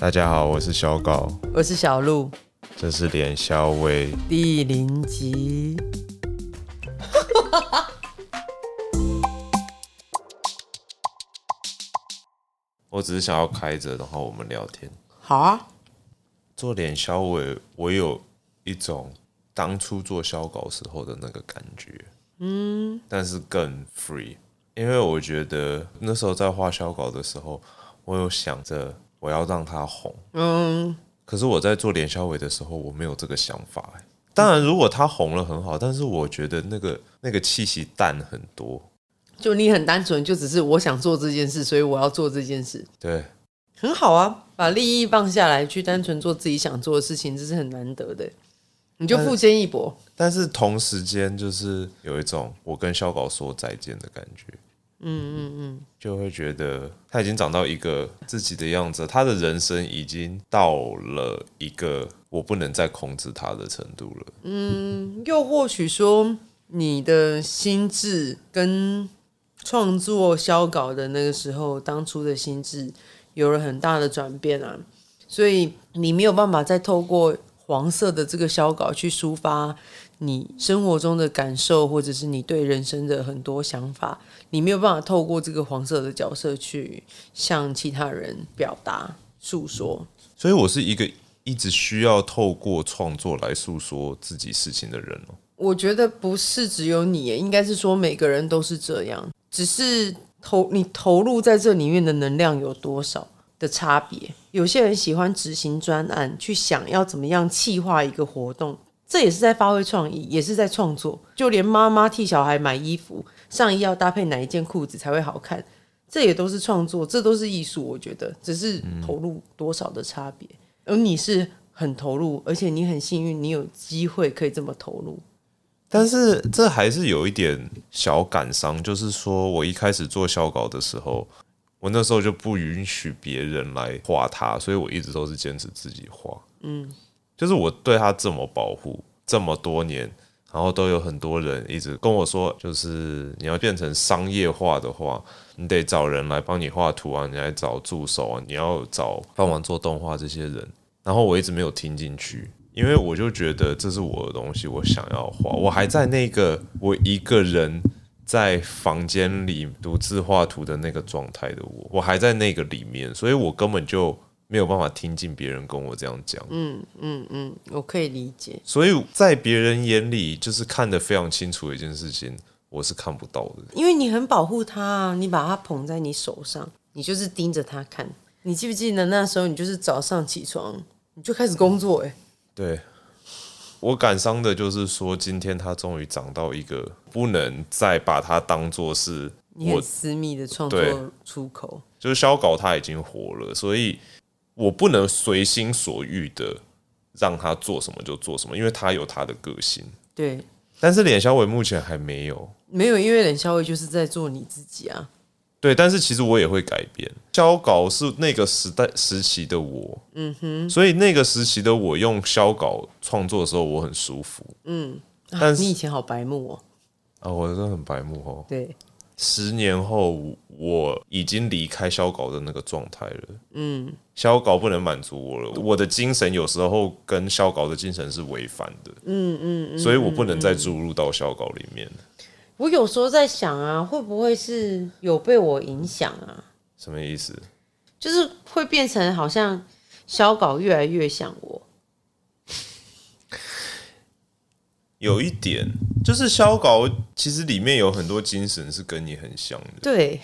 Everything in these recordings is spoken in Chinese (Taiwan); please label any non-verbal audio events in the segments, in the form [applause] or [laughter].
大家好，我是囂搞，我是小陸，這是戀囂喂第零集， [laughs] 我只是想要開着，然後我們聊天。好啊哈，做戀囂喂，我有一種當初做囂搞時候的那個感覺，嗯，但是更 free，因為我覺得那時候在畫囂搞的時候，我有想着，我要讓他紅，嗯。可是我在做戀囂喂的時候，我沒有這個想法。當然，如果他紅了很好，但是我覺得那個那個氣息淡很多。就你很單純，就只是我想做這件事，所以我要做這件事。對，很好啊，把利益放下來，去單純做自己想做的事情，這是很難得的。你就付之一搏但，但是同時間，就是有一種我跟囂搞說再見的感覺。嗯嗯嗯，嗯嗯就會覺得他已經長到一個自己的樣子，他的人生已經到了一個我不能再控制他的程度了。嗯，又或許說你的心智跟創作囂搞的那個時候，當初的心智有了很大的轉變啊，所以你沒有辦法再透過黃色的這個囂搞去抒發。你生活中的感受，或者是你對人生的很多想法，你沒有辦法透過這個黃色的角色去向其他人表達訴說。嗯。所以，我是一個一直需要透過創作來訴說自己事情的人哦。我覺得不是只有你，應該是說每個人都是這樣，只是投你投入在這裡面的能量有多少的差別。有些人喜歡執行專案，去想要怎麼樣企劃一個活動。這也是在發揮創意，也是在創作。就連媽媽替小孩買衣服，上衣要搭配哪一件褲子才會好看，這也都是創作，這都是藝術。我覺得，只是投入多少的差別。嗯、而你是很投入，而且你很幸運，你有機會可以這麼投入。但是這還是有一點小感傷，就是說我一開始做小稿的時候，我那時候就不允許別人來畫它，所以我一直都是堅持自己畫。嗯。就是我對他這麼保護這麼多年，然後都有很多人一直跟我說，就是你要變成商業化的話，你得找人來幫你畫圖啊，你來找助手啊，你要找幫忙做動畫這些人。然後我一直沒有聽進去，因為我就覺得這是我的東西，我想要畫，我還在那個我一個人在房間裡獨自畫圖的那個狀態的我，我還在那個裡面，所以我根本就。沒有辦法聽進別人跟我這樣講。嗯嗯嗯，我可以理解。所以在別人眼裡，就是看得非常清楚的一件事情，我是看不到的。因為你很保護他、啊，你把他捧在你手上，你就是盯着他看。你記不記得那時候，你就是早上起床你就開始工作、欸？哎，對。我感傷的就是說，今天他終於長到一個不能再把它當做是，你很私密的創作出口，就是囂搞，他已經火了，所以。我不能隨心所欲的讓他做什麼就做什麼，因為他有他的個性。對，但是臉小偉目前還沒有，沒有，因為臉小偉就是在做你自己啊。對，但是其實我也會改變。囂搞是那個時代時期的我，嗯哼，所以那個時期的我用囂搞創作的時候，我很舒服。嗯，但是、啊、你以前好白目哦。啊，我真的很白目哦。對。十年後，我已經離開囂搞的那個狀態了。嗯，囂搞不能滿足我了。我的精神有時候跟囂搞的精神是違反的。嗯嗯，嗯嗯，所以我不能再注入到囂搞裡面。嗯嗯嗯。我有時候在想啊，會不會是有被我影響啊？什麼意思？就是會變成好像囂搞越來越像我。有一點，就是囂搞，其實裡面有很多精神是跟你很像的。對，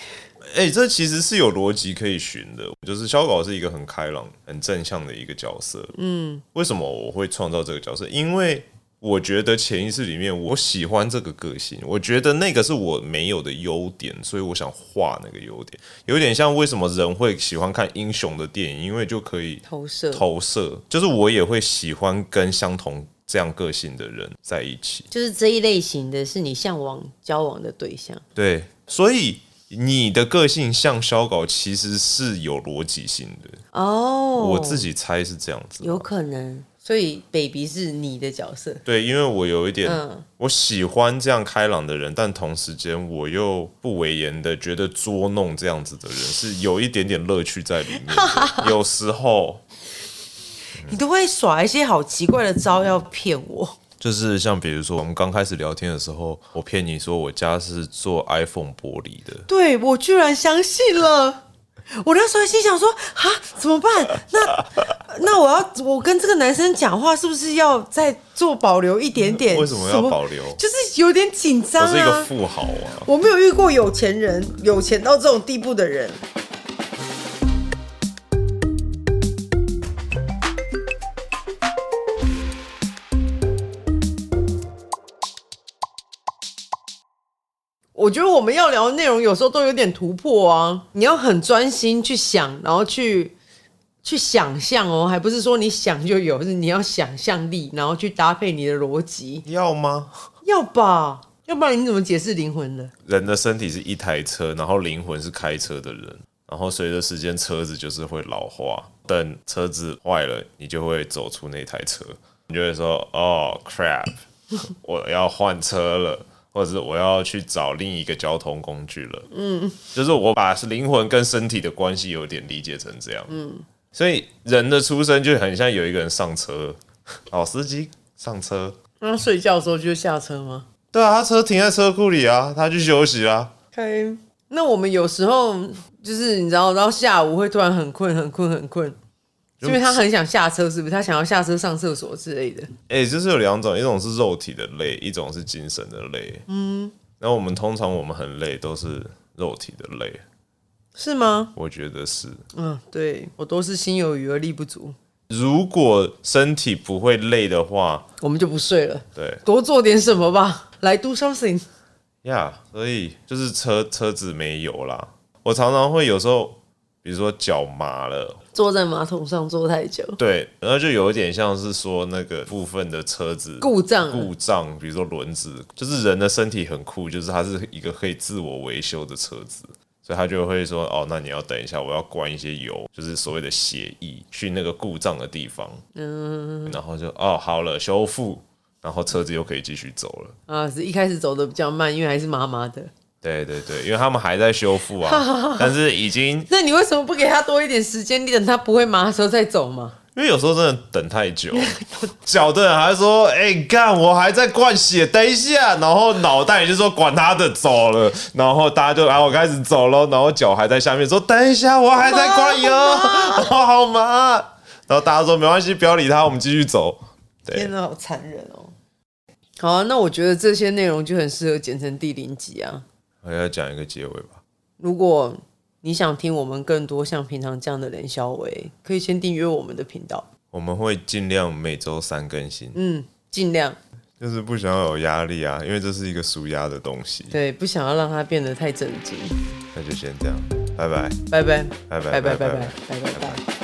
哎、欸，這其實是有邏輯可以尋的。就是囂搞是一個很開朗、很正向的一個角色。嗯，為什麼我會創造這個角色？因為我覺得潛意識裡面我喜歡這個個性，我覺得那個是我沒有的優點，所以我想畫那個優點。有點像為什麼人會喜歡看英雄的電影，因為就可以投射。投射，就是我也會喜歡跟相同。這樣個性的人在一起，就是這一類型的是你嚮往交往的對象。對，所以你的個性像囂搞其實是有邏輯性的哦。Oh, 我自己猜是這樣子，有可能。所以 baby 是你的角色，對，因為我有一點，嗯、我喜歡這樣開朗的人，但同時間我又不諱言的，覺得捉弄這樣子的人是有一點點樂趣在裡面， [laughs] 有時候。你都會耍一些好奇怪的招要騙我，就是像比如說我們剛開始聊天的時候，我騙你說我家是做 iPhone 玻璃的，對我居然相信了。 [laughs] 我那時候心想說啊，怎麼辦？那那我要我跟這個男生講話，是不是要再做保留一點點？為什、嗯、麼要保留？就是有點緊張、啊。我是一個富豪啊，我沒有遇過有錢人，有錢到這種地步的人。我覺得我們要聊的內容有時候都有點突破啊！你要很專心去想，然後去去想象哦，還不是說你想就有？是你要想象力，然後去搭配你的邏輯，要嗎？要吧，要不然你怎麼解釋靈魂呢？人的身體是一台車，然後靈魂是開車的人，然後隨着時間車子就是會老化，等車子壞了，你就會走出那台車，你就會說：“哦、oh，crap，我要換車了。” [laughs] 或者是我要去找另一個交通工具了，嗯，就是我把靈魂跟身體的關係有點理解成這樣，嗯，所以人的出生就很像有一個人上車，哦，老司機上車，那、他、睡覺的時候就下車嗎？對啊，他車停在車庫裡啊，他去休息啊。OK，那我們有時候就是你知道，然後下午會突然很睏，很睏，很睏。因為他很想下車，是不是？他想要下車上廁所之類的。哎、欸，就是有兩種，一種是肉體的累，一種是精神的累。嗯，那我們通常我們很累都是肉體的累，是嗎？我覺得是。嗯，對，我都是心有餘而力不足。如果身體不會累的話，我們就不睡了。對，多做點什麼吧，來 do something。呀，yeah, 所以就是車車子沒油啦。我常常會有時候，比如說腳麻了。坐在馬桶上坐太久，對，然後就有一點像是說那個部分的車子故障，故障，比如說輪子，就是人的身體很酷，就是它是一個可以自我維修的車子，所以他就會說，哦，那你要等一下，我要灌一些油，就是所謂的血液去那個故障的地方，嗯，然後就哦好了，修復，然後車子又可以繼續走了、嗯。啊，是一開始走的比較慢，因為還是麻麻的。對對對，因為他們還在修復啊，好好好，但是已經……那你為什麼不給他多一點時間？你等他不會麻的時候再走嗎？因為有時候真的等太久，腳 [laughs] 的人還說：“哎、欸，幹，我還在灌血，等一下。”然後腦袋也就說：“管他的，走了。”然後大家就啊，我開始走了。然後腳還在下面說：“等一下，我還在灌油，我好麻。好麻哦，好麻”然後大家說：“沒關係，不要理他，我們繼續走。對”天哪，好殘忍哦！好啊，那我覺得這些內容就很適合剪成第零集啊。還要講一個結尾吧。如果你想聽我們更多像平常這樣的戀囂喂，可以先訂閱我們的頻道。我們會盡量每周三更新，嗯，盡量就是不想要有壓力啊，因為這是一個舒壓的東西。對，不想要讓它變得太正經。那就先這樣，拜拜，拜拜，嗯、拜拜，拜拜，拜拜，拜拜，拜，拜。拜拜。